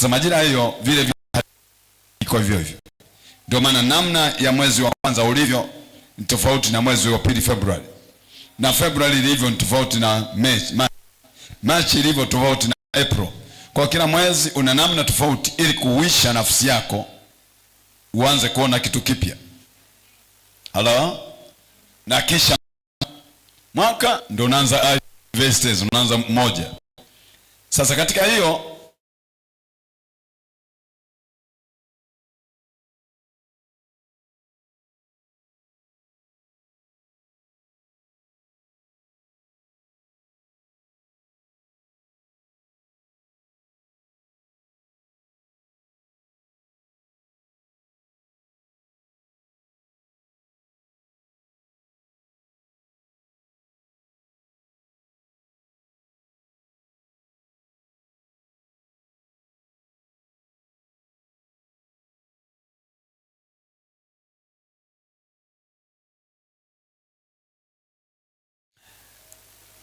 Sasa majira hiyo vile vile iko hivyo hivyo, ndio maana namna ya mwezi wa kwanza ulivyo ni tofauti na mwezi wa pili Februari, na Februari ilivyo ni tofauti na Machi, ilivyo tofauti na April. Kwa kila mwezi una namna tofauti, ili kuwisha nafsi yako uanze kuona kitu kipya. Halo, na kisha mwaka ndio unaanza, ah, unaanza moja. Sasa katika hiyo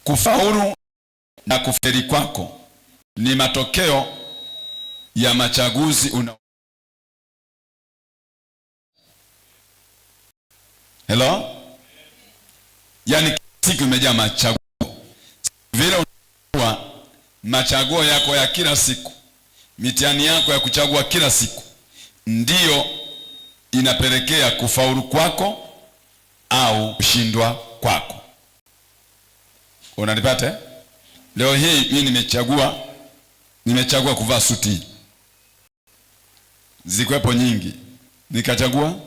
Kufaulu na kufeli kwako ni matokeo ya machaguzi una... Hello? Yaani siku imejaa machaguo, vile unakuwa machaguo yako ya kila siku, mitihani yako ya kuchagua kila siku ndiyo inapelekea kufaulu kwako au kushindwa kwako. Unanipata? Leo hii mimi nimechagua nimechagua kuvaa suti. zikwepo nyingi. Nikachagua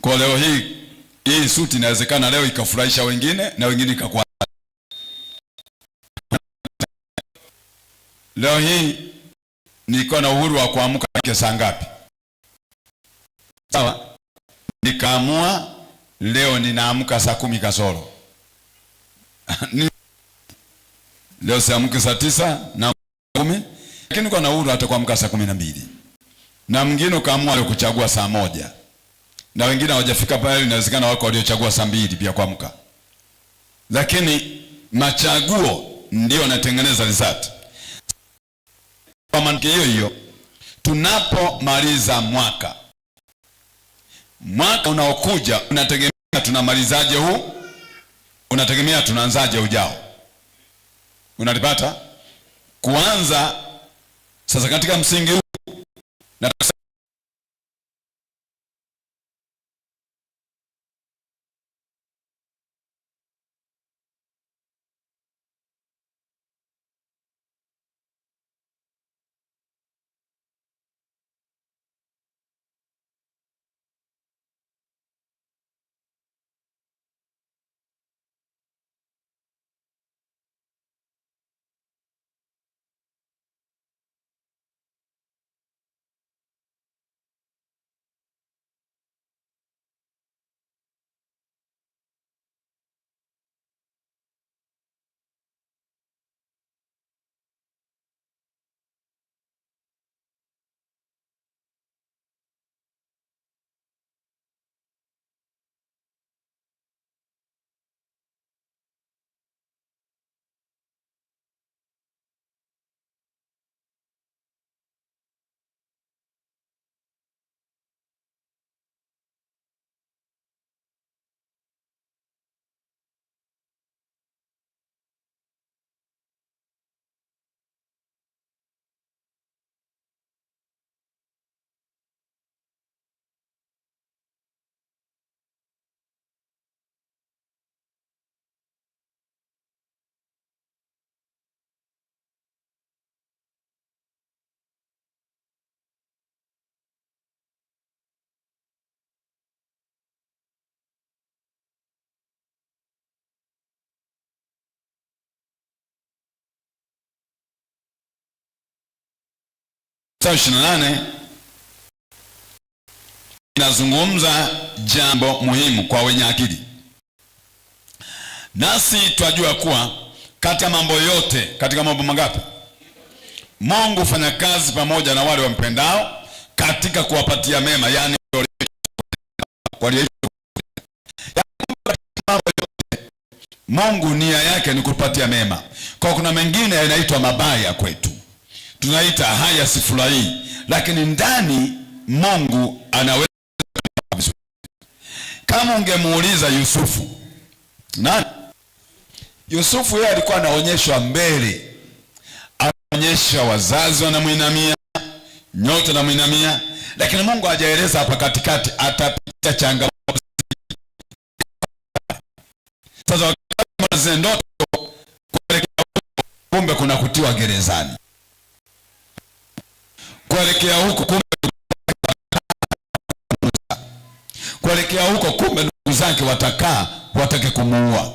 kwa leo hii hii suti inawezekana leo ikafurahisha wengine na wengine ikakuwa. Leo hii niko na uhuru wa kuamka saa ngapi? Sawa? Nikaamua leo ninaamka saa kumi kasoro. leo siamke saa tisa na kumi, lakini kwa nauru hata kuamka saa kumi na mbili na mwingine ukaamua leo kuchagua saa moja na wengine hawajafika pale. Inawezekana wako waliochagua saa mbili pia kuamka, lakini machaguo ndio yanatengeneza result. Kwa mantiki hiyo hiyo, tunapomaliza mwaka mwaka unaokuja unategemea tunamalizaje huu unategemea tunaanzaje ujao? Unalipata kuanza sasa katika msingi huu na 28 nane inazungumza jambo muhimu kwa wenye akili, nasi twajua kuwa katika mambo yote, katika mambo mangapi? Mungu hufanya kazi pamoja na wale wampendao katika kuwapatia mema, yani yaani, Mungu nia yake ni kupatia mema. Kwa kuna mengine yanaitwa mabaya kwetu tunaita haya sifurahii, lakini ndani Mungu anaweza Kama ungemuuliza Yusufu, nani Yusufu? Yeye alikuwa anaonyeshwa mbele, anaonyesha wazazi wanamwinamia, nyote namwinamia, lakini Mungu hajaeleza hapa katikati atapita changamoto sasa, ndoto kumbe kuna kutiwa gerezani kuelekea huko, kumbe kuelekea huko, kumbe ndugu zake watakaa watake kumuua.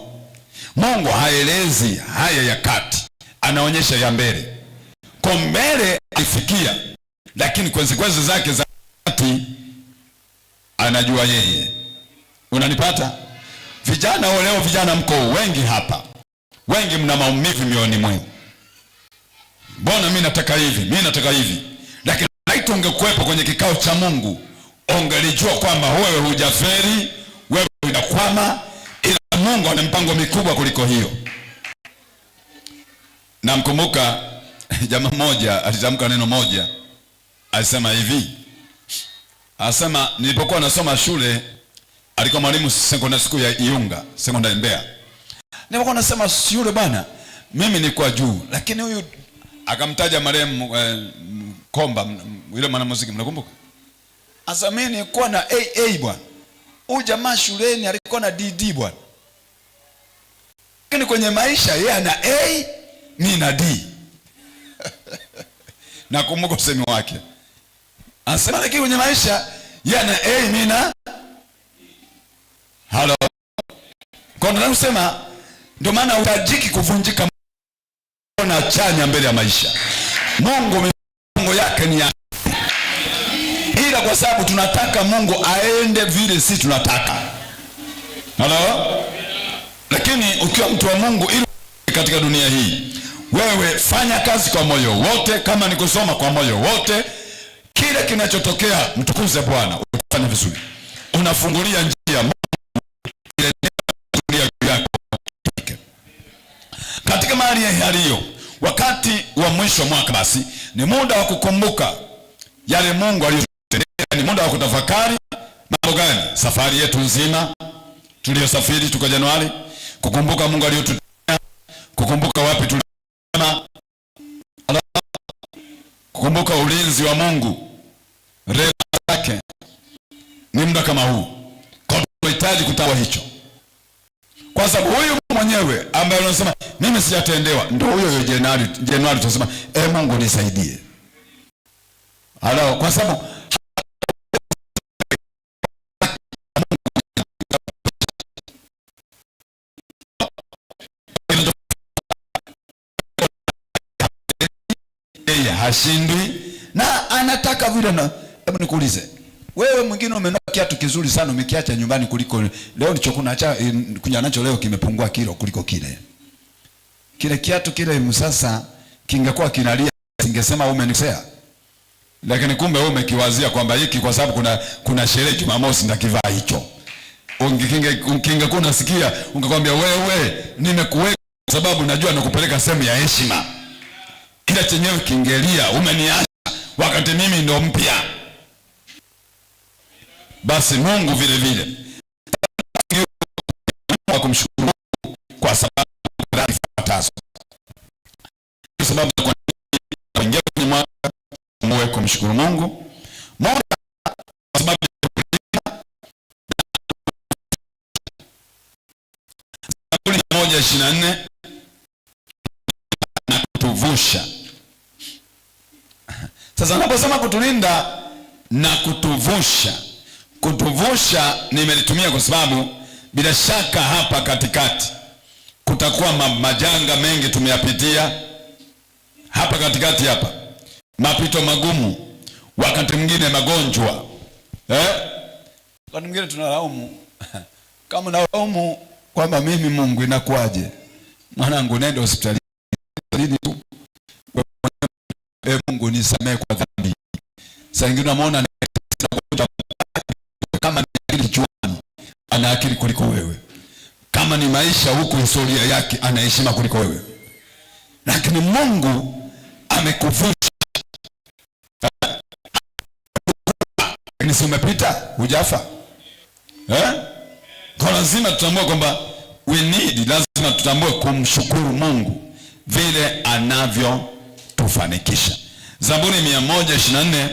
Mungu haelezi haya ya kati, anaonyesha ya mbele. Kwa mbele alifikia, lakini konsekwensi zake za kati anajua yeye. Unanipata? Vijana wao leo, vijana mko wengi hapa, wengi mna maumivu mioyoni mwenu. Mbona mimi nataka hivi, mimi nataka hivi Laiti ungekuwepo kwenye kikao cha Mungu ungelijua kwamba wewe hujaferi, wewe unakwama, ila Mungu ana mpango mikubwa kuliko hiyo. Namkumbuka jamaa mmoja alitamka neno moja, alisema hivi, asema nilipokuwa nasoma shule, alikuwa mwalimu sekondari siku ya Iunga sekondari Mbeya. Nilipokuwa nasema shule bwana, mimi ni kwa juu, lakini huyu akamtaja marehemu eh, Komba yule mwanamuziki mnakumbuka? Asa mimi nilikuwa na AA bwana. Huyu jamaa shuleni alikuwa na DD bwana. Lakini kwenye maisha yeye ana A, mimi na D. Nakumbuka usemi wake. Anasema lakini kwenye maisha yeye ana A, mimi na Halo. Kwa nini nasema ndio maana utajiki kuvunjika na chanya mbele ya maisha. Mungu Mungu yake ni ya sababu tunataka Mungu aende vile sisi tunataka. Halo? Lakini ukiwa mtu wa Mungu ili katika dunia hii, wewe fanya kazi kwa moyo wote, kama ni kusoma kwa moyo wote, kile kinachotokea mtukuze Bwana, utafanya vizuri. Unafungulia njia katika mali yaliyo Wakati wa mwisho mwaka, basi ni muda wa kukumbuka yale Mungu aliyo ni muda wa kutafakari mambo gani, safari yetu nzima tuliyosafiri tuko Januari, kukumbuka Mungu aliyotutia, kukumbuka wapi tulikwenda, kukumbuka ulinzi wa Mungu, rehema yake. Ni muda kama huu kwa tunahitaji kutawa hicho, kwa sababu huyu mwenyewe ambaye anasema mimi sijatendewa, ndio huyo huyo Januari. Januari tunasema e, Mungu nisaidie, alao kwa sababu hashindwi na anataka vile na. Hebu nikuulize wewe, mwingine umenoa kiatu kizuri sana umekiacha nyumbani kuliko leo nilichokunacha eh, kunya nacho leo kimepungua kilo kuliko kile kile kiatu kile. Sasa kingekuwa kinalia, singesema umenisea, lakini kumbe wewe umekiwazia kwamba hiki kwa sababu kuna kuna sherehe Jumamosi ndakivaa hicho. Ungekinge kuna sikia, ungekwambia wewe, nimekuweka sababu najua nakupeleka sehemu ya heshima kila chenyewe kingelia, umeniacha wakati mimi ndo mpya. Basi Mungu vile vile wa kumshukuru kwa sababu kwa sababu kuingia kwenye mwaka muwe kumshukuru Mungu. Moja, kwa sababu Zaburi moja ishirini na nne Sasa naposema kutulinda na kutuvusha, kutuvusha nimelitumia kwa sababu bila shaka hapa katikati kutakuwa majanga mengi tumeyapitia hapa katikati, hapa mapito magumu, wakati mwingine magonjwa eh? Wakati mwingine tunalaumu kama nalaumu kwamba mimi Mungu inakuwaje mwanangu, nenda hospitalini tu E Mungu nisamehe kwa dhambi. Saa ingine unamwona kama ni akili kichwani, ana akili kuliko wewe. Kama ni maisha huku, historia yake anaheshima kuliko wewe, lakini Mungu amekuvusha si umepita hujafa eh? Kwa lazima tutambue kwamba we need, lazima tutambue kumshukuru Mungu vile anavyo kufanikisha. Zaburi 124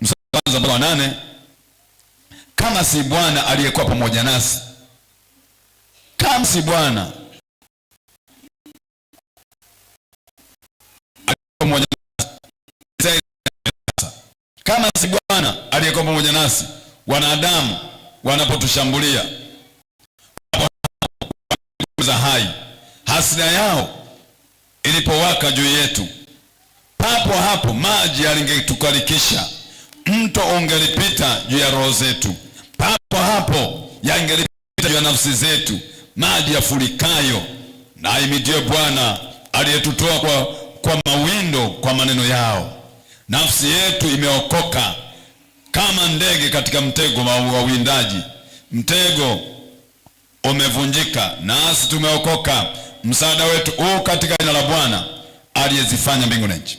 mstari wa nane, kama si Bwana aliyekuwa pamoja nasi, kama si Bwana kama si Bwana aliyekuwa pamoja nasi, wanadamu wanapotushambulia za hai, hasira yao ilipowaka juu yetu hapo hapo maji yalingetukalikisha mto ungelipita juu ya roho zetu, papo hapo yangelipita juu ya nafsi zetu, maji yafurikayo. Na ahimidiwe Bwana aliyetutoa kwa, kwa mawindo kwa maneno yao. Nafsi yetu imeokoka kama ndege katika mtego wa uwindaji, mtego umevunjika, nasi tumeokoka. Msaada wetu huu katika jina la Bwana aliyezifanya mbingu na nchi.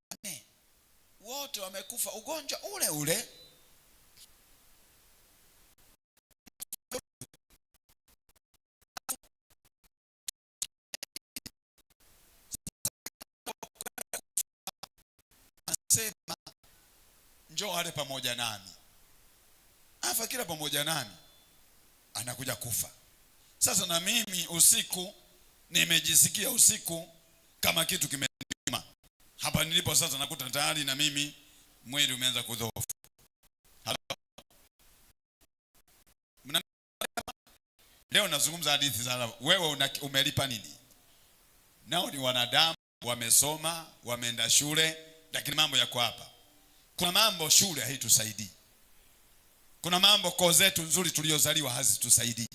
wote wamekufa ugonjwa ule ule. Sema njoo ale pamoja nami, afa kila pamoja nami, anakuja kufa sasa. Na mimi usiku nimejisikia usiku kama kitu kime hapa nilipo sasa nakuta tayari na mimi mwili umeanza kudhoofu. Leo nazungumza hadithi za wewe una, umelipa nini? Nao ni wanadamu wamesoma, wameenda shule, lakini mambo yako hapa. Kuna mambo shule haitusaidii. Kuna mambo koo zetu nzuri tuliozaliwa hazitusaidii.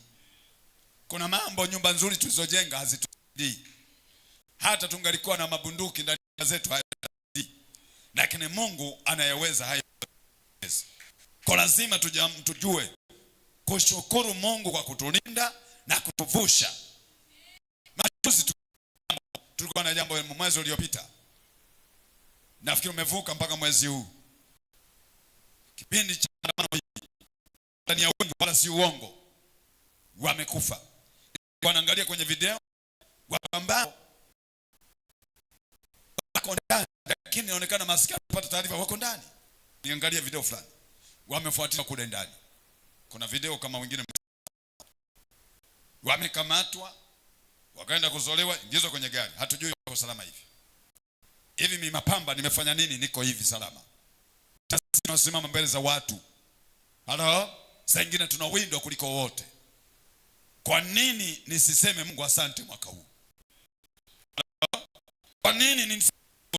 Kuna mambo nyumba nzuri tulizojenga hazitusaidii. Hata tungalikuwa na mabunduki ndani zetu hayo, lakini Mungu anayeweza hayo. Kwa lazima tujam, tujue kushukuru Mungu kwa kutulinda na kutuvusha. Majuzi tulikuwa na jambo mwezi uliopita, nafikiri umevuka mpaka mwezi huu, kipindi cha ndani ya wengi, wala si uongo, wamekufa. Wanaangalia kwenye video ambao wako ndani, lakini inaonekana maskini anapata taarifa wako ndani. Niangalie video fulani, wamefuatiwa kule ndani. Kuna video kama wengine wamekamatwa wakaenda kuzolewa, ingizwa kwenye gari, hatujui wako salama hivi hivi. Mimi mapamba nimefanya nini? Niko hivi salama? Tunasimama mbele za watu, halo, saa ingine tunawindwa kuliko wote. Kwa nini nisiseme Mungu asante mwaka huu? Kwa nini nisiseme